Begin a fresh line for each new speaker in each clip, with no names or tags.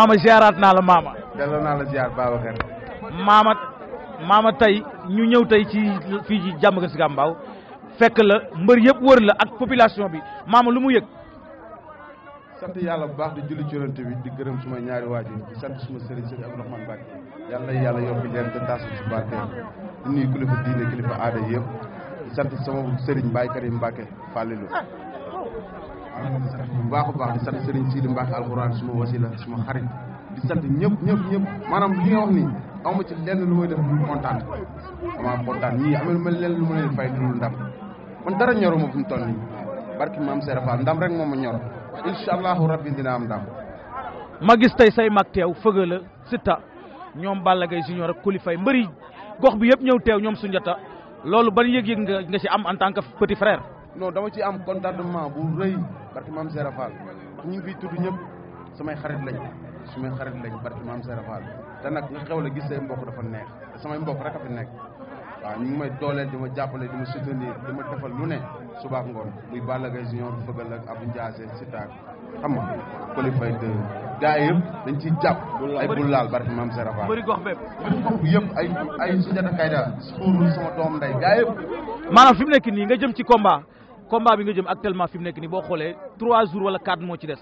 mama ziarat na la mama delloo na la ziar babakar mama mama tay ñu ñew tay ci fi ci jàmm si Gàmbaaw fekk la mbeur yeb wër la ak population bi mama lu mu yek
sant yalla bu baax di julli ci yonent bi di gërëm suma ñaari waji di sant suma serigne serigne sëriñ rahman bakki yalla yalla yobbi leen te taas ci barke ni kulifa diine kulifa aada yeb sant sama serigne baye Karim bakke fallelu bu baax baax di sant Serigne Sidi Mbacke alxuraan suma wasila suma xarit di sant ñëpp ñëpp ñëpp maanaam li nga wax ni awma ci lenn lu may def lu kontaan dama kontaan ñii iya, amel ma lenn lu ma fay dul ndam man dara ñoruma fu mu toll nii barki maam Serap
ndam rek moom ñor incha rabbi dina am ndam. ma gis tey say mag teew fëgg la ñoom Balla Gaye junior ak kulifay mbëri gox bi yëpp ñëw teew ñoom loolu ban yëg-yëg nga nga am en tant que petit frère.
non dama ci am contentement bu rëy barki maam Serap Fall ñu ngi fiy tudd ñëpp samay xarit lañ sumay xarit lañ barki maam Serap Fall te nag xew la gis say mbokk dafa neex te samay mbokk rek a fi nekk waaw ñu ngi may dooleel di ma jàppale di ma soutenir di ma lu ne subaak ngoon muy Balla Gaye Junior fëgal ak Abou Ndiassé Sitaak xam nga qualifié de gars yi yëpp dañ ciy jàpp. ay bul laal barki maam Serap Fall bëri
gox bépp. bëri ay ay Soundiata Keita nekk nii nga jëm ci combat. combat bi nga jëm actuellement fim nek ni bo xolé 3 jours wala 4 mo ci dess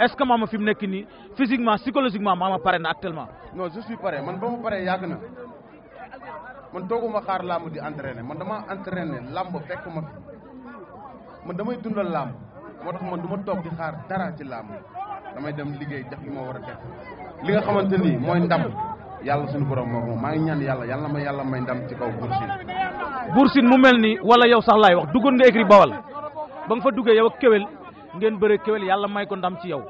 est ce que mama fim nek ni physiquement psychologiquement mama pare na actuellement. non
je suis pare man bama paré yag na man ma xaar lamb di entraîner man dama entraîner lamb fekk ma man damay dundal lamb motax man duma tok di xaar dara ci lamb damay dem liggéey def li ma war def li nga xamanteni ni ndam yalla suñu borom mo ma ngi ñaan yalla yalla ma yalla may ndam ci kaw bursi Bursin mu melni
ni wala yow sax lay wax duggoon nga écrit bawal bang fa duggee yow kewel ngeen beure kewel yalla may ko ndam ci yow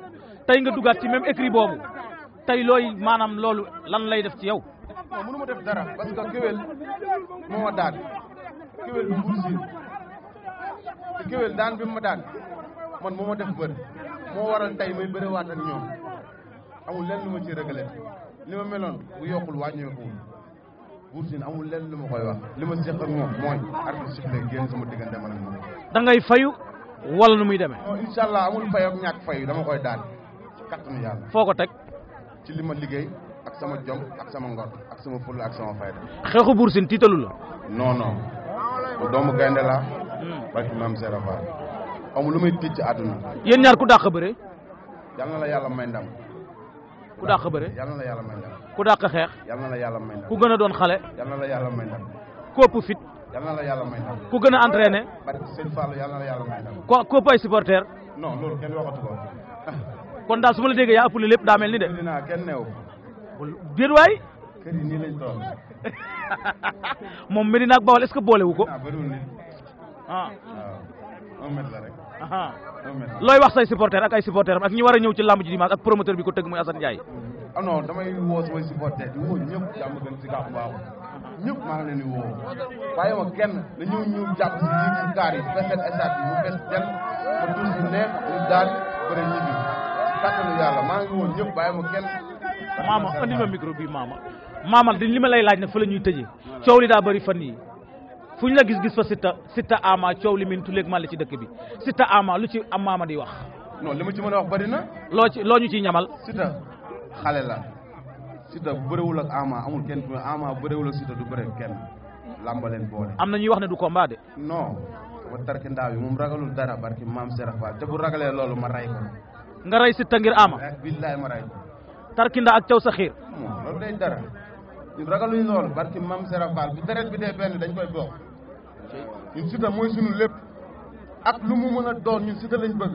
tay nga dugat ci même écrit bobu tay loy manam lolou lan lay def ci yow.
non ma def dara parce que kewel mo ma daan kewel bu bursin kewel daan bi ma daan man moo ma def bëri mo waral tay may bëriwaat ak ñoom amul lenn lu ci rëgale lima bu yokul ko wursin amul lenn lu koy wax li sama man
da ngay fayu wala nu muy
demee allah amul fay ak ñàkk fay dama koy daal kattanu yàlla foo ko ci li ma ak sama jom ak sama ngor ak sama ful ak sama fayda
xeexu bursin tiitalu la
non non doomu gaynde la hmm. barki maam seera amul lu may tiit ci
ñaar ku may ndam ku dàq bëre
na yàlla may ndam
ku dàq xeex yal na la yàlla may ndam ku gën a doon xale yal la yàlla may ndam ku ëpp fit
na la yàlla may ndam
ku gën a entraîné
bari sëñ Fallou yal na la yàlla may ndam
ko ku ëpp ay supporter non loolu kenn waxatu kon daal su ma la déggee yaa ëpp li lépp daa mel ni de dinaa kenn neew déet waay kër yi nii lañ moom Medina ak Bawol est-ce que boole wu ko ah, ah. ah un mètre la rek looy wax say supporter ak ay supporter am ak ñi war a ñëw ci làmb ji dimanche ak promoteur bi ko tëgg muy Assane Ndiaye
ah non damay woo samay supporter di woo ñëpp jàmm gën si kaaf baaxul ñëpp maa ngi leen di woo bàyyi ma kenn ñu daal bëre ñibbi kàttanu yàlla maa ngi woon ñëpp bàyyi ma kenn
maama andi ma micro bi maama maama di li lay laaj nag fa la ñuy tëjee coow li daa bëri fan yi fuñ la gis gis fa sita sita Ama ciow li min tuleeg man la ci dekk bi sita Ama lu ci am maama di wax. non lima ci mën wax bari na. lo ci loñu ci ñamal. sita xalé la
Siteu bëriwul ak Ama amul kenn ku Ama bëriwul ak sita du bëri kenn làmba
boole. amna ñuy wax ne du combat de. non ba tarki ndaw yi mum ragalul dara barki mam Serap ba te bu ragalé lolu ma ray ko. nga ray sita ngir Ama. Eh, billahi ma ray ko. nda ak ciow sa xir
lolu day dara ragalu ñu loolu barki mam Serap Fall bu deret bi de ben dañ koy bokk. ñun Siteu mooy suñu lépp ak lu mu mën a doon ñun Siteu lañ bëgg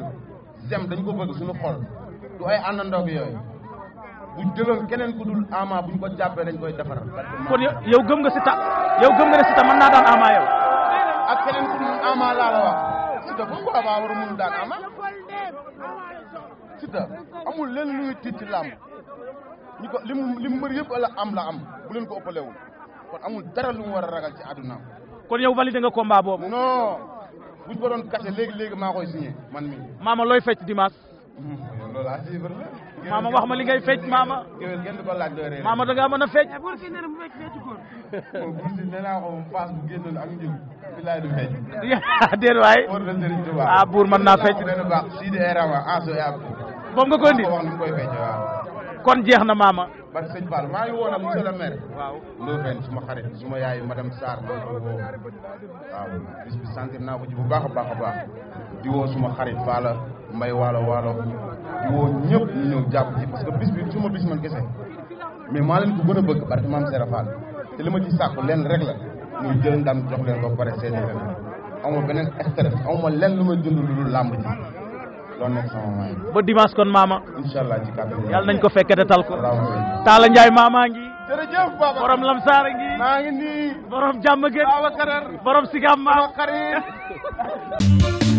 zem dañ ko bëgg suñu xol du ay àndandoo ak yooyu bu jëloon
keneen ku dul Ama bu ñu ko jàppee dañ koy defaral. kon yow gëm nga Siteu yow gëm nga ne Siteu mën naa daan Ama yow.
ak keneen ku dul Ama laa la wax daan Ama amul lenn lu ñuy tiit ci ñu ko li mu li mu mbër yëpp la am la am bu leen ko ëppalewul kon amul dara lu mu war a ragal ci àddunaam.
kon yow validé nga combat boobu. non bu
ñu ko doon kase léegi léegi maa koy signé
man mi maama looy fecc dimanche. Hmm, loolu assuré la. maama wax ma li ngay fecc maama. kéwél kenn du ko laaj doy réer. maama da ngaa mën a fecc. Eh, bu si nee na bu fecc fecc góor. bu si nee ko moom paas bu génnoon ak njëg bi du fecc. déet waay. war na Serigne Touba. ah buur mën naa fecc. dina baax si di ay rawa ah soo
nga ko indi. kon jeex na barke sëñ Fall maa ngi woon ak monsieur a maire. waaw Ndofène suma xarit suma yaay madame Sarr maa ngi ko woo waaw bis bi naa ko ci bu baax a baax a baax di woo suma xarit Fala may waalo waalo di woo ñëpp ñu ñëw jàpp ci parce que bis bi suma bis man kese mais maa leen bu gën a bëgg barke maam Sera Fall te li ma ci sàkku leen rek la muy jël ndam jox leen ba pare seede leen amuma beneen stress amuma leen lu may dund lu dul làmb ji.
loolu nekk sama maay kon maama. incha nañ ko fekke te tal ko. Talla Ndiaye maamaa ngi. jërëjëf borom Lamsaara ngi. maa ngi nii borom jàmm gën. Babacar